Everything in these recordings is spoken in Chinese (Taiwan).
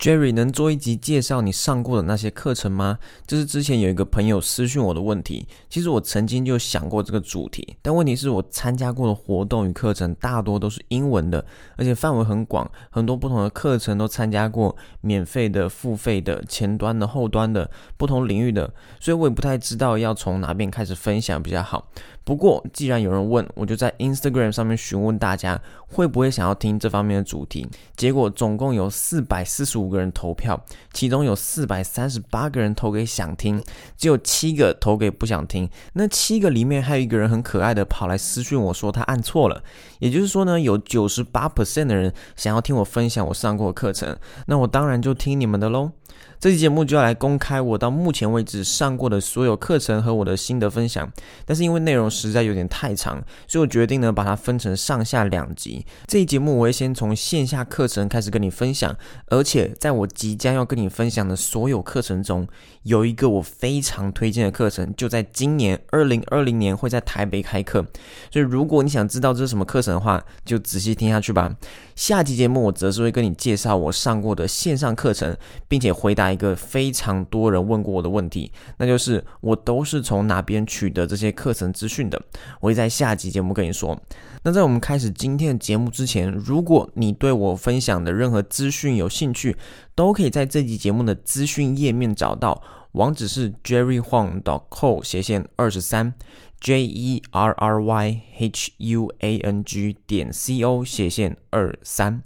Jerry 能做一集介紹你上過的那些課程嗎？這、就是之前有一個朋友私訊我的問題。其實我曾經就想過這個主題，但問題是我參加過的活動與課程大多都是英文的，而且範圍很廣，很多不同的課程都參加過，免費的、付費的、前端的、後端的、不同領域的，所以我也不太知道要從哪邊開始分享比較好。不過，既然有人問，我就在 Instagram 上面詢問大家會不會想要聽這方面的主題。結果總共有四百四十五個人投票，其中有四百三十八個人投給想聽，只有七個投給不想聽。那七個裡面還有一個人很可愛的跑來私訊我說他按錯了。也就是說呢，有九十八 percent 的人想要聽我分享我上過的課程。那我當然就聽你們的嘍。這期節目就要來公開我到目前為止上過的所有課程和我的心得分享，但是因為內容實在有點太長，所以我決定呢，把它分成上下兩集。這一節目我會先從線下課程開始跟你分享，而且在我即將要跟你分享的所有課程中，有一個我非常推薦的課程，就在今年二零二零年會在台北開課。所以如果你想知道這是什麼課程的話，就仔細聽下去吧。下期節目我則是會跟你介紹我上過的線上課程，並且回。回答一個非常多人問過我的問題，那就是我都是從哪邊取得這些課程資訊的？我會在下集節目跟你說。那在我們開始今天的節目之前，如果你對我分享的任何資訊有興趣，都可以在這集節目的資訊頁面找到，網址是 jerryhuang.co 斜線二十三，j e r r y h u a n g 點 c o 斜線二三。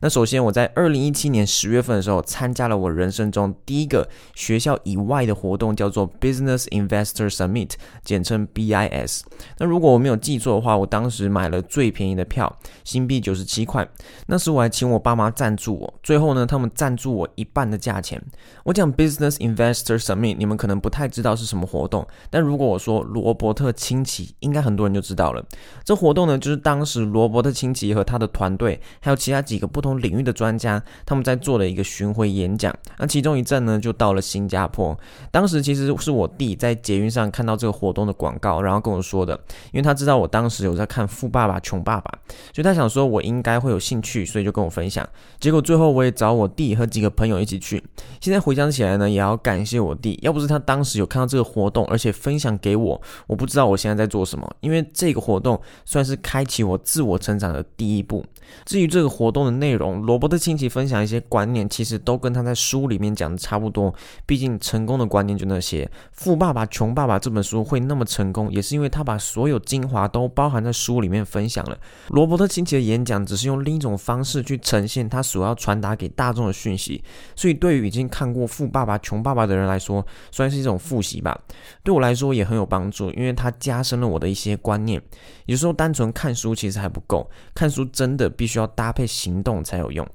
那首先，我在二零一七年十月份的時候，參加了我人生中第一個學校以外的活動，叫做 Business Investor Summit，簡稱 BIS。那如果我沒有記錯的話，我當時買了最便宜的票，新幣九十七塊。那時我還請我爸媽贊助我，最後呢，他們贊助我一半的價錢。我講 Business Investor Summit，你們可能不太知道是什麼活動，但如果我說羅伯特清崎，應該很多人就知道了。這活動呢，就是當時羅伯特清崎和他的團隊，還有其他幾個不同。從領域的專家，他們在做了一個巡迴演講。那其中一站呢，就到了新加坡。當時其實是我弟在捷運上看到這個活動的廣告，然後跟我說的。因為他知道我當時有在看《富爸爸窮爸爸》，所以他想說我應該會有興趣，所以就跟我分享。結果最後我也找我弟和幾個朋友一起去。現在回想起來呢，也要感謝我弟，要不是他當時有看到這個活動，而且分享給我，我不知道我現在在做什麼。因為這個活動算是開啟我自我成長的第一步。至於這個活動的內容，羅伯特清崎分享一些觀念，其實都跟他在書裡面講的差不多。畢竟成功的觀念就那些，《富爸爸窮爸爸》這本書會那麼成功，也是因為他把所有精華都包含在書裡面分享了。羅伯特清崎的演講只是用另一種方式去呈現他所要傳達給大眾的訊息，所以對於已經看過《富爸爸窮爸爸》的人來說，算是一種複習吧。對我來說也很有幫助，因為他加深了我的一些觀念。有時候單純看書其實還不夠，看書真的。必須要搭配行動才有用。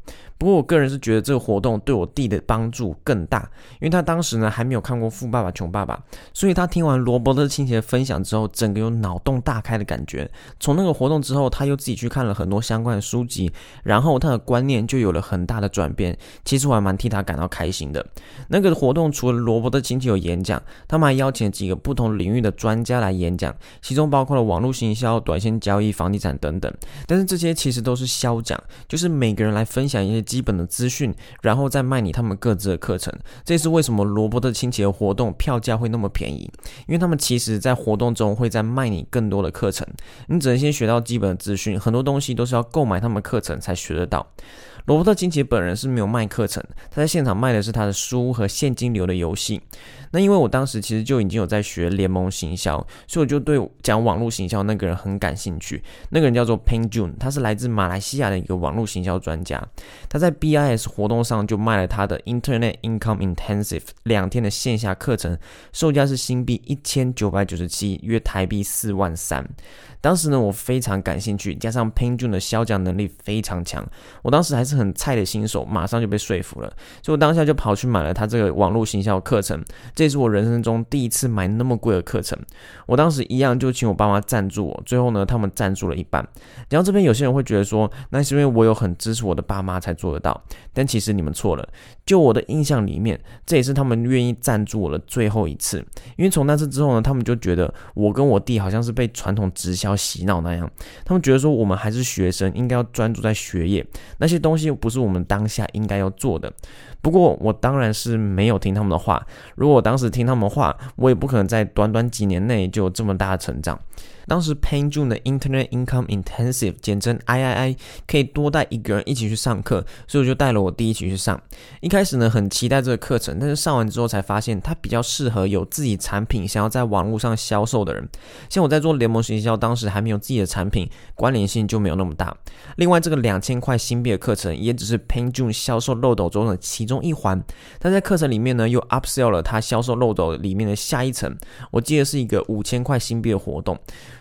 不過我個人是覺得這個活動對我弟的幫助更大，因為他當時呢還沒有看過《富爸爸窮爸爸》，所以他聽完羅伯特清崎的分享之後，整個有腦洞大開的感覺。從那個活動之後，他又自己去看了很多相關的書籍，然後他的觀念就有了很大的轉變。其實我還蠻替他感到開心的。那個活動除了羅伯特清崎有演講，他們還邀請了幾個不同領域的專家來演講，其中包括了網絡行銷、短線交易、房地產等等。但是這些其實都是小講，就是每個人來分享一些。基本的資訊，然後再賣你他們各自的課程。這是為什麼羅伯特清崎活動票價會那麼便宜，因為他們其實在活動中會再賣你更多的課程。你只能先學到基本的資訊，很多東西都是要購買他們課程才學得到。羅伯特·清崎本人是沒有賣課程，他在現場賣的是他的書和現金流的遊戲。那因為我當時其實就已經有在學聯盟行銷，所以我就對講網絡行銷那個人很感興趣。那個人叫做 Peng Joon，他是來自馬來西亞的一個網絡行銷專家。他在 BIS 活動上就賣了他的《Internet Income Intensive》兩天的線下課程，售價是新幣一千九百九十七，約台幣四萬三。當時呢，我非常感興趣，加上 Peng Joon 的銷講能力非常強，我當時還是。很菜的新手馬上就被說服了，所以我當下就跑去買了他這個網絡行銷課程。這也是我人生中第一次買那麼貴的課程。我當時一樣就請我爸媽贊助我，最後呢，他們贊助了一半。然後這邊有些人會覺得說，那是因為我有很支持我的爸媽才做得到。但其實你們錯了，就我的印象裡面，這也是他們願意贊助我的最後一次，因為從那次之後呢，他們就覺得我跟我弟好像是被傳統直銷洗腦那樣，他們覺得說我們還是學生，應該要專注在學業那些東西。就不是我們當下應該要做的。不過我當然是沒有聽他們的話。如果我當時聽他們的話，我也不可能在短短幾年內就有這麼大的成長。當時 Peng Joon 的 Internet Income Intensive 簡稱 III 可以多帶一個人一起去上課，所以我就帶了我弟一起去上。一開始呢，很期待這個課程，但是上完之後才發現它比較適合有自己產品想要在網絡上銷售的人。像我在做聯盟行銷，當時還沒有自己的產品，關聯性就沒有那麼大。另外這個兩千塊新幣的課程也只是 Peng Joon 銷售漏斗中的其中。一中一環，他在課程裡面呢又 upsell 了他銷售漏斗裡面的下一層，我記得是一個五千塊新幣的活動。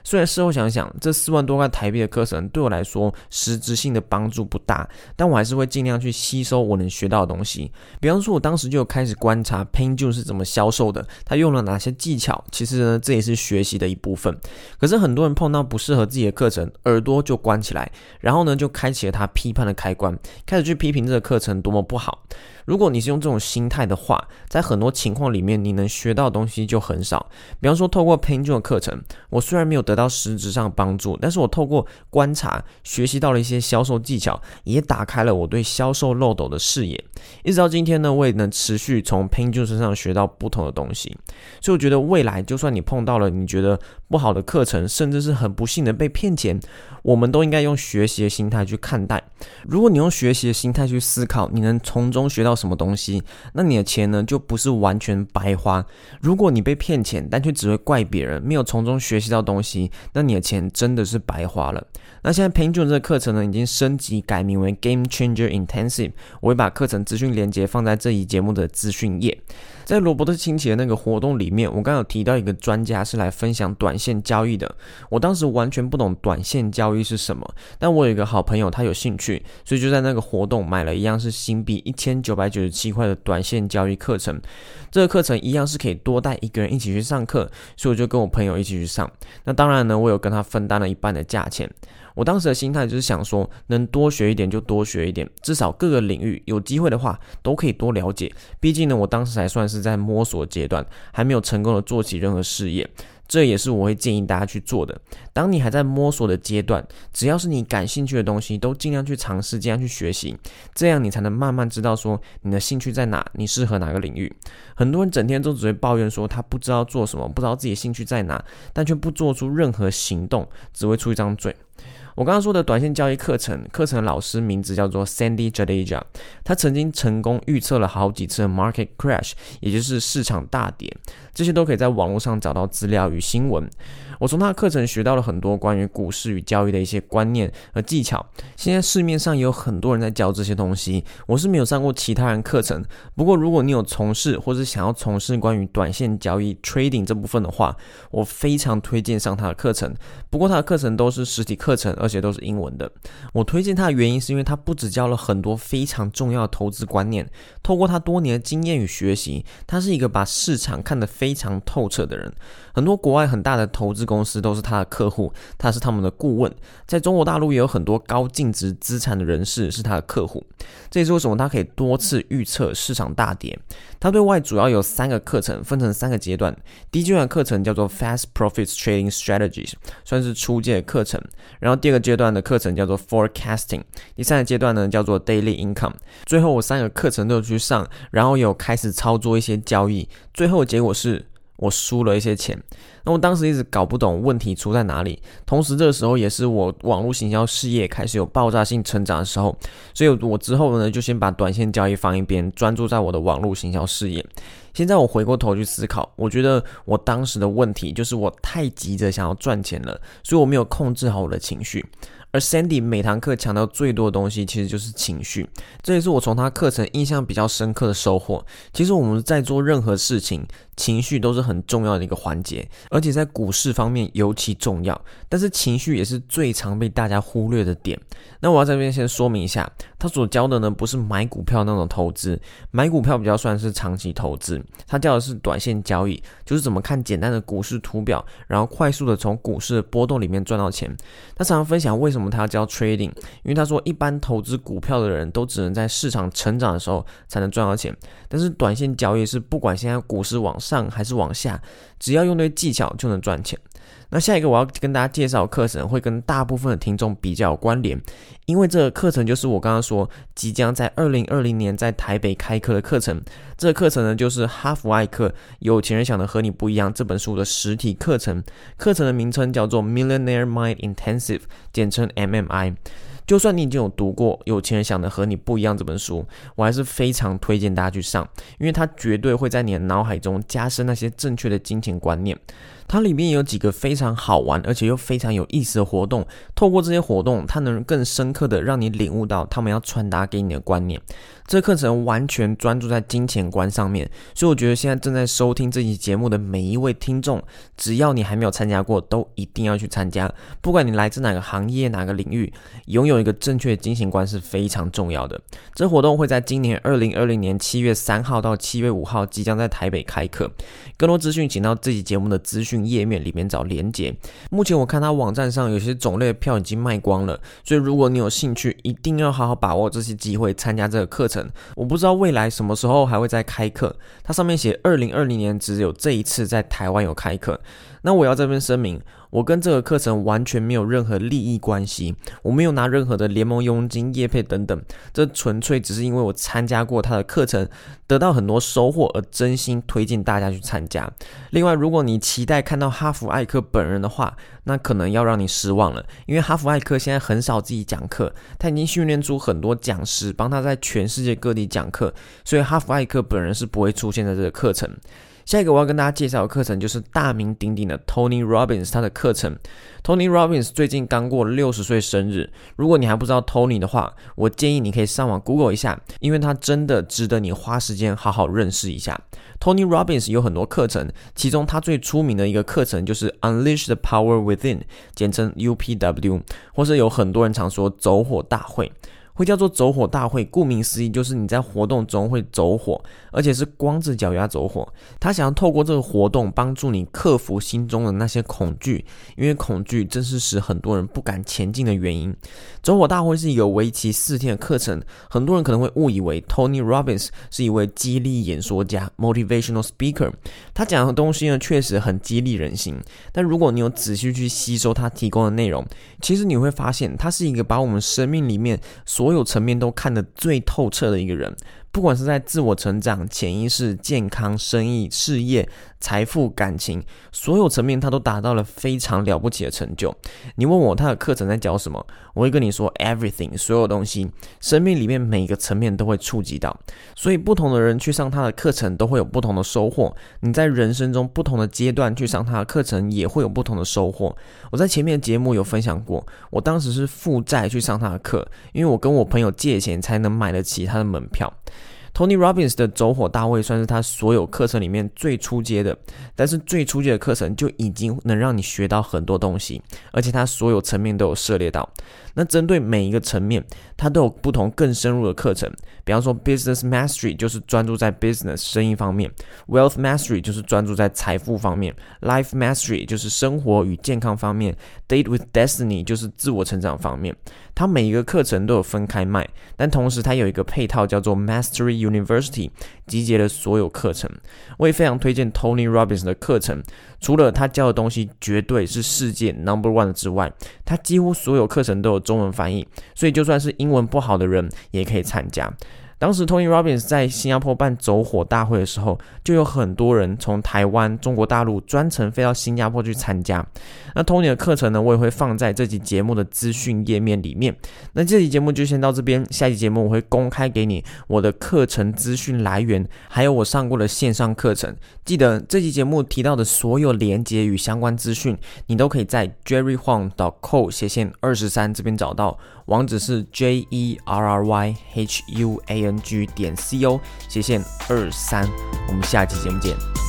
雖然事後想想，這四萬多塊台幣的課程對我來說實質性的幫助不大，但我還是會盡量去吸收我能學到的東西。比方說，我當時就開始觀察 Pain Joe 是怎麼銷售的，他用了哪些技巧。其實呢，這也是學習的一部分。可是很多人碰到不適合自己的課程，耳朵就關起來，然後呢就開啟了他批判的開關，開始去批評這個課程多麼不好。如果你是用這種心態的話，在很多情況裡面，你能學到的東西就很少。比方說，透過 Peng Joon 的課程，我雖然沒有得到實質上的幫助，但是我透過觀察學習到了一些銷售技巧，也打開了我對銷售漏斗的視野。一直到今天呢，我也能持續從 Peng Joon 身上學到不同的東西。所以，我覺得未來就算你碰到了你覺得不好的課程，甚至是很不幸的被騙錢，我們都應該用學習的心態去看待。如果你用學習的心態去思考，你能從中學到。到什麼東西，那你的錢呢，就不是完全白花。如果你被騙錢，但卻只會怪別人，沒有從中學習到東西，那你的錢真的是白花了。那現在 Pinjun 這個課程呢，已經升級改名為 Game Changer Intensive，我會把課程資訊連接放在這一節目的資訊頁。在羅伯特清崎的那個活動裡面，我剛剛有提到一個專家是來分享短線交易的。我當時完全不懂短線交易是什麼，但我有一個好朋友，他有興趣，所以就在那個活動買了一樣是新幣一千九百九十七塊的短線交易課程。這個課程一樣是可以多帶一個人一起去上課，所以我就跟我朋友一起去上。那當然呢，我有跟他分擔了一半的價錢。我當時的心態就是想說，能多學一點就多學一點，至少各個領域有機會的話都可以多了解。畢竟呢，我當時還算是。在摸索階段，還沒有成功的做起任何事業，這也是我會建議大家去做的。當你還在摸索的階段，只要是你感興趣的東西，都盡量去嘗試，盡量去學習，這樣你才能慢慢知道說你的興趣在哪，你適合哪個領域。很多人整天都只會抱怨說他不知道做什麼，不知道自己的興趣在哪，但卻不做出任何行動，只會出一張嘴。我剛剛說的短線交易課程，課程的老師名字叫做 Sandy Jadeja，他曾經成功預測了好幾次 market crash，也就是市場大跌，這些都可以在網絡上找到資料與新聞。我從他的課程學到了很多關於股市與交易的一些觀念和技巧。現在市面上也有很多人在教這些東西，我是沒有上過其他人課程。不過，如果你有從事或是想要從事關於短線交易 （trading） 這部分的話，我非常推薦上他的課程。不過，他的課程都是實體課程，而且都是英文的。我推薦他的原因是因為他不只教了很多非常重要的投資觀念，透過他多年的經驗與學習，他是一個把市場看得非常透徹的人。很多國外很大的投資公司都是他的客戶，他是他們的顧問。在中國大陸也有很多高淨值資產的人士是他的客戶，這也是為什麼他可以多次預測市場大跌。他對外主要有三個課程，分成三個階段。第一階段的課程叫做 Fast Profits Trading Strategies，算是初階的課程。然後第二個階段的課程叫做 Forecasting，第三個階段呢叫做 Daily Income。最後我三個課程都有去上，然後有開始操作一些交易，最後結果是。我輸了一些錢，那我當時一直搞不懂問題出在哪裡。同時，這個時候也是我網絡行銷事業開始有爆炸性成長的時候，所以我之後呢就先把短線交易放一邊，專注在我的網絡行銷事業。現在我回過頭去思考，我覺得我當時的問題就是我太急着想要賺錢了，所以我沒有控制好我的情緒。而 Sandy 每堂課強調最多的東西，其實就是情緒，這也是我從他課程印象比較深刻的收穫。其實我們在做任何事情，情緒都是很重要的一個環節，而且在股市方面尤其重要。但是情緒也是最常被大家忽略的點。那我要在這邊先說明一下。他所教的呢，不是買股票那種投資，買股票比較算是長期投資。他教的是短線交易，就是怎麼看簡單的股市圖表，然後快速的從股市波動裡面賺到錢。他常常分享為什麼他要教 trading，因為他說一般投資股票的人都只能在市場成長的時候才能賺到錢，但是短線交易是不管現在股市往上還是往下，只要用對技巧就能賺錢。那下一個我要跟大家介紹的課程，會跟大部分的聽眾比較有關聯，因為這個課程就是我剛剛說即將在二零二零年在台北開課的課程。這個課程呢，就是哈福艾克《有錢人想的和你不一樣》這本書的實體課程。課程的名稱叫做 Millionaire Mind Intensive，簡稱 MMI。就算你已經有讀過《有錢人想的和你不一樣》這本書，我還是非常推薦大家去上，因為它絕對會在你的腦海中加深那些正確的金錢觀念。它裡面有幾個非常好玩，而且又非常有意思的活動。透過這些活動，它能更深刻的讓你領悟到他們要傳達給你的觀念。這個課程完全專注在金錢觀上面，所以我覺得現在正在收聽這期節目的每一位聽眾，只要你還沒有參加過，都一定要去參加。不管你來自哪個行業、哪個領域，擁有一個正確的金錢觀是非常重要的。這個活動會在今年二零二零年七月三號到七月五號，即將在台北開課。更多資訊，請到這期節目的資訊頁面裡面找連結。目前我看他網站上有些種類的票已經賣光了，所以如果你有興趣，一定要好好把握這些機會參加這個課程。我不知道未來什麼時候還會再開課，他上面寫二零二零年只有這一次在台灣有開課。那我要這邊聲明。我跟這個課程完全沒有任何利益關係，我沒有拿任何的聯盟佣金、業配等等，這純粹只是因為我參加過他的課程，得到很多收穫而真心推薦大家去參加。另外，如果你期待看到哈弗艾克本人的話，那可能要讓你失望了，因為哈弗艾克現在很少自己講課，他已經訓練出很多講師幫他在全世界各地講課，所以哈弗艾克本人是不會出現在這個課程。下一個我要跟大家介紹的課程就是大名鼎鼎的 Tony Robbins 他的課程。Tony Robbins 最近剛過六十歲生日，如果你還不知道 Tony 的話，我建議你可以上網 Google 一下，因為他真的值得你花時間好好認識一下。Tony Robbins 有很多課程，其中他最出名的一個課程就是 Unleash the Power Within，簡稱 UPW，或是有很多人常說“走火大會”。會叫做走火大會，顧名思義，就是你在活動中會走火，而且是光着腳丫走火。他想要透過這個活動幫助你克服心中的那些恐懼，因為恐懼正是使很多人不敢前進的原因。走火大會是一個為期四天的課程，很多人可能會誤以為 Tony Robbins 是一位激勵演說家 （motivational speaker）。他講的東西呢，確實很激勵人心。但如果你有仔細去吸收他提供的內容，其實你會發現，他是一個把我們生命裡面所所有層面都看得最透徹的一個人。不管是在自我成長、潛意識、健康、生意、事業、財富、感情，所有層面，他都達到了非常了不起的成就。你問我他的課程在教什麼，我會跟你說 everything，所有東西，生命裡面每個層面都會觸及到。所以不同的人去上他的課程都會有不同的收穫。你在人生中不同的階段去上他的課程也會有不同的收穫。我在前面的節目有分享過，我當時是負債去上他的課，因為我跟我朋友借錢才能買得起他的門票。Tony Robbins 的走火大會算是他所有課程裡面最初階的，但是最初階的課程就已經能讓你學到很多東西，而且他所有層面都有涉獵到。那針對每一個層面，他都有不同更深入的課程。比方說 Business Mastery 就是專注在 business 生意方面，Wealth Mastery 就是專注在財富方面，Life Mastery 就是生活與健康方面，Date with Destiny 就是自我成長方面。他每一個課程都有分開賣，但同時他有一個配套叫做 Mastery University，集結了所有課程。我也非常推薦 Tony Robbins 的課程，除了他教的東西絕對是世界 number one 之外，他幾乎所有課程都有中文翻譯，所以就算是英文不好的人也可以參加。當時 Tony Robbins 在新加坡辦走火大會的時候，就有很多人從台灣、中國大陸專程飛到新加坡去參加。那 Tony 的課程呢，我也會放在這期節目的資訊頁面裡面。那這期節目就先到這邊，下期節目我會公開給你我的課程資訊來源，還有我上過的線上課程。記得這期節目提到的所有連接與相關資訊，你都可以在 JerryHuang.co 斜線二十三這邊找到。網址是 j e r r y h u a n g 點 c o 斜線二三，我們下期節目見。